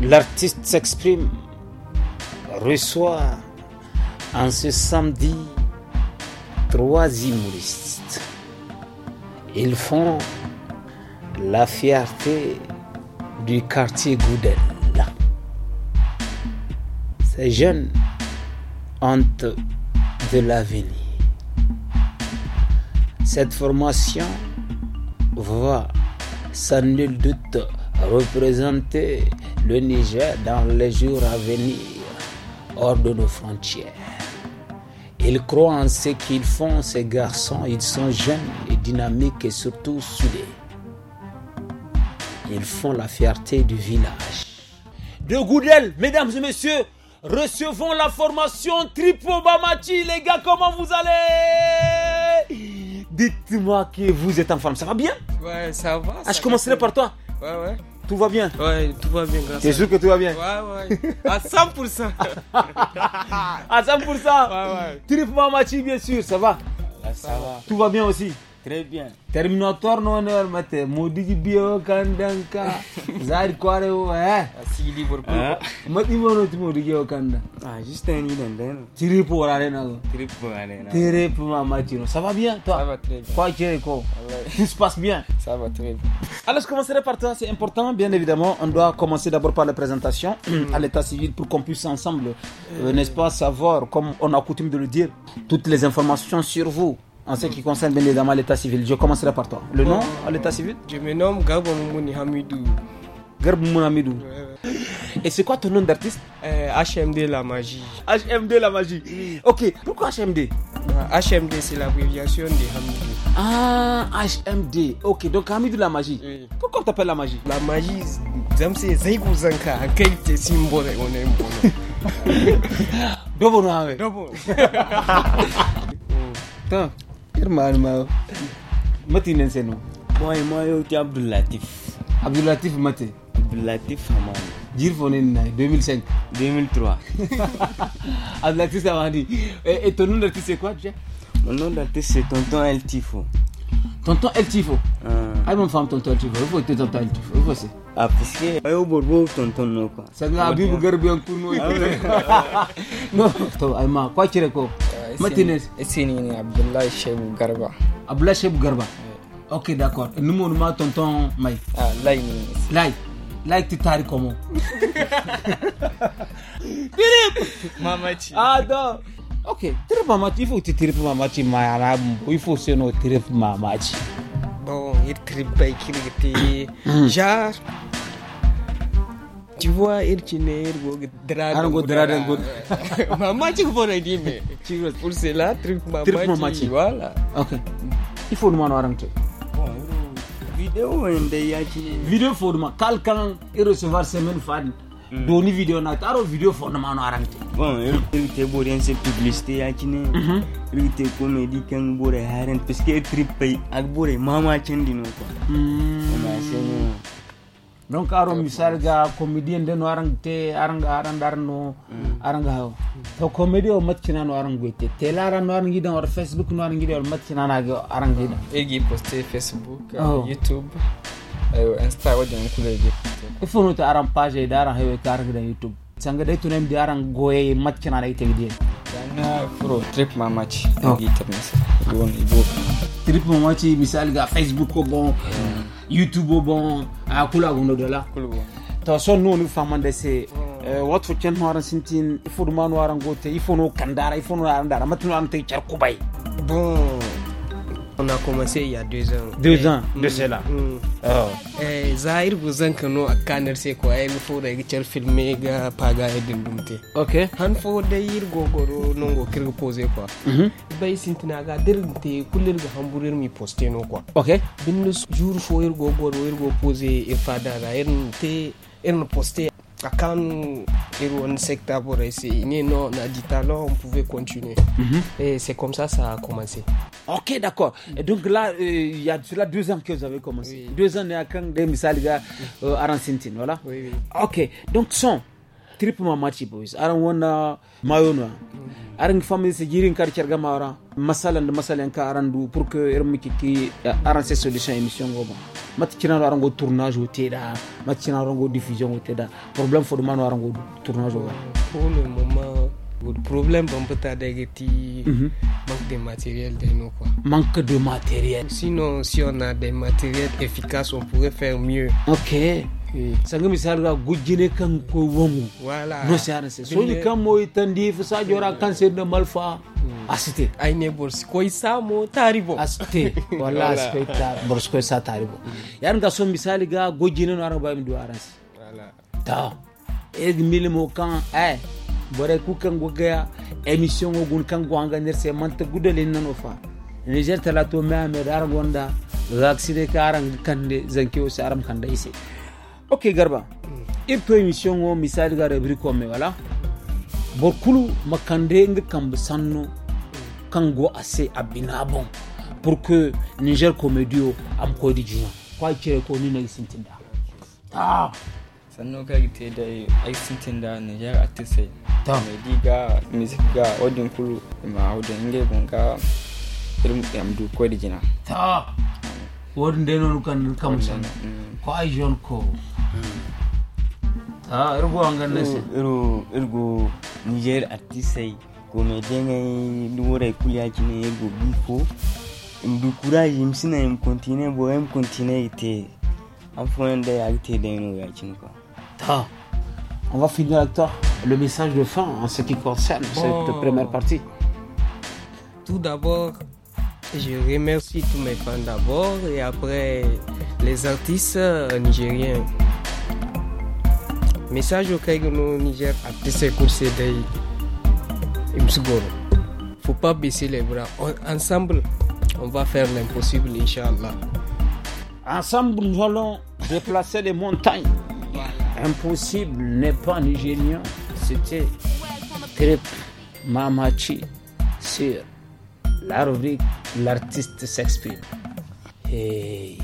l'artiste s'exprime, reçoit en ce samedi trois humoristes. Ils font la fierté du quartier Goudel. Ces jeunes ont de l'avenir. Cette formation va, sans nul doute, représenter le Niger dans les jours à venir hors de nos frontières. Ils croient en ce qu'ils font, ces garçons. Ils sont jeunes et dynamiques et surtout soudés. Ils font la fierté du village. De Goudel, mesdames et messieurs, recevons la formation Tripo Les gars, comment vous allez Dites-moi que vous êtes en forme. Ça va bien Ouais, ça va. Ah, je commencerai par toi. Ouais, ouais. Tout va bien Ouais, tout va bien, grâce C'est sûr que tout va bien Ouais, ouais. À 100% À 100% Ouais, ouais. Trip match, bien sûr, ça va Ça, va. Tout va bien aussi Très bien. Terminatoire non mate modiji bio kan zari kware wo eh si livre pour eh. mati wono ti modiji o kanda ah juste un idem tiri pour aller na tiri pour aller tiri pour ma matino ça va bien toi ça va très bien quoi tu quoi Il se passe bien ça va très bien alors je commencerai par toi c'est important bien évidemment on doit commencer d'abord par la présentation mm. à l'état civil pour qu'on puisse ensemble euh, n'est-ce pas savoir comme on a coutume de le dire toutes les informations sur vous en ce qui concerne bien évidemment l'état civil. Je commencerai par toi. Le nom à l'état civil Je me nomme Gabo Mouni Hamidou. Gabo Mouni Hamidou. Et c'est quoi ton nom d'artiste HMD euh, La Magie. HMD La Magie. Ok, pourquoi HMD HMD, c'est l'abréviation de Hamidou. Ah, HMD. Ok, donc Hamidou La Magie. Pourquoi tu t'appelle La Magie La Magie, c'est Zaygou Zanka, on est bon. Dobo. Comment Mao. Mati Moi, moi, je suis Latif. Abdul Latif Abdul Latif 2005. 2003. Abdul Et, uh, et eh, eh, ton nom d'artiste c'est quoi Mon nom d'artiste c'est Tonton El Tifo. Tonton El Tifo euh. Ah, mon femme, Tonton El Tifo. faut que Tonton El Tifo. Il Ah, parce que. Ah, Tonton C'est ah, un un bien ah, Non, toi, ma, quoi tu quoi? Martinez Essini Abdoulaye Cheb Garba Abdoulaye Cheb Garba ok d'accord nous mon ma tonton May. ah Lai Lai Lai tu tari comment Philippe Mamachi ah non ok tire Mamachi il faut que tu tires Mamachi Mayana il faut que tu tires Mamachi bon il pas, tire ti. Mm. genre tu vois il kine go drag go drag go maman tu tu pour cela truc maman tu voilà ok il faut nous en Bon. vidéo ende hein, ya ci vidéo faut nous recevoir semaine fad hmm. doni vidéo na taro vidéo que nous en bon il te en publicité ya ci il était comédie kan haren parce que trip pay ak mama C'est donc aron misal ga comédien de no arang te arang arang dar no hmm. arang ha to comédie o matchina no arang goite te lara no arang gidan or facebook no arang gidan or matchina na ga arang gidan e gi poste facebook oh. youtube ayo e insta wajen kule gi ifono e te arang page da arang hewe ka gidan youtube sanga dai tunem di arang goye matchina na ite gidan dana pro trip e gi tabnes won ibo trip mamachi misal ga facebook o bon hmm. youtube o bon a kula gundo dala to so no nu famande se watu chen horan sintin ifu dumanu arangote ifu no kandara ifono no arandara matnu am te char kubai bon On a commencé il y a deux ans. Deux ans mm, de cela. Mm. Oh. Eh, Zahir buzan kano a kanar sai ko ai mu fura ga cer ga paga dindumte. Ok. Han fo da gogoro non go kirga pose ko. Mhm. Bai sintina ga dirinte kullir ga hamburger mi poster non quoi? Ok. Bin no jour fo ir gogoro ir go et e fada da irin te irin quand akan un secteur pour essayer. Non, on a dit alors on pouvait continuer. Mm -hmm. Et c'est comme ça ça a commencé. Ok, d'accord. Et donc là, euh, il y a deux ans que vous avez commencé. Deux ans, il y quand des euh, à voilà. Ok, donc son trip ma boys. Aran wana want Aran se jirin kar kerga mara. Masalan masalan ka aran pour que émission euh, tournage teda diffusion ou teda problème for tournage le le Problème mm peut mhm. manque de matériel de nous quoi. Manque de matériel. Sinon si on a des matériels efficaces on pourrait faire mieux. Ok. sanga misali ga gujjine kan ko wongu voilà no sara se so ni kan mo itandi fu sa jora kan se de malfa mm. asite ay ne bors ko isa mo taribo asite wala aspecta bors ko isa taribo mm. yan ga so misali ga gujjine no araba mi do aransi voilà ta e milimo kan eh boray ku kan gogaya émission o gun kan gwanga nder se manta gudalin nan ofa niger talato me amed gonda zaksire ka kande zanke o saram kanda ise ok garba mm. Et pour o misali ga rubrique o me wala kulu makande ng kambe sanno kango ase abinabon pour que niger comedio am kodi juna kwa cire ko ni na isintinda ah sannu ka gite da aisintin da niger ta mai diga music ga odin kulu ma odin inge bunga ilmu amdu ko dijina ta wodin da yana kan kam san mm. ko ay jon ko ta irgo angan ne iru irgo niger artiste ko mai yi dengai kuliya kulyaki ne irgo bifo imdu yi imsina im continue bo im continue ite am fonen de agite de no yakin ko on va finir avec toi le message de fin en ce qui concerne cette première partie. Tout d'abord, je remercie tous mes fans d'abord et après les artistes euh, nigériens. Message au Kaigano Niger artiste Il ne Faut pas baisser les bras. ensemble, on va faire l'impossible, Inch'Allah. Ensemble, nous allons déplacer les montagnes impossible n'est pas génie, C'était Trip Mamachi sur la rubrique L'artiste s'exprime. Et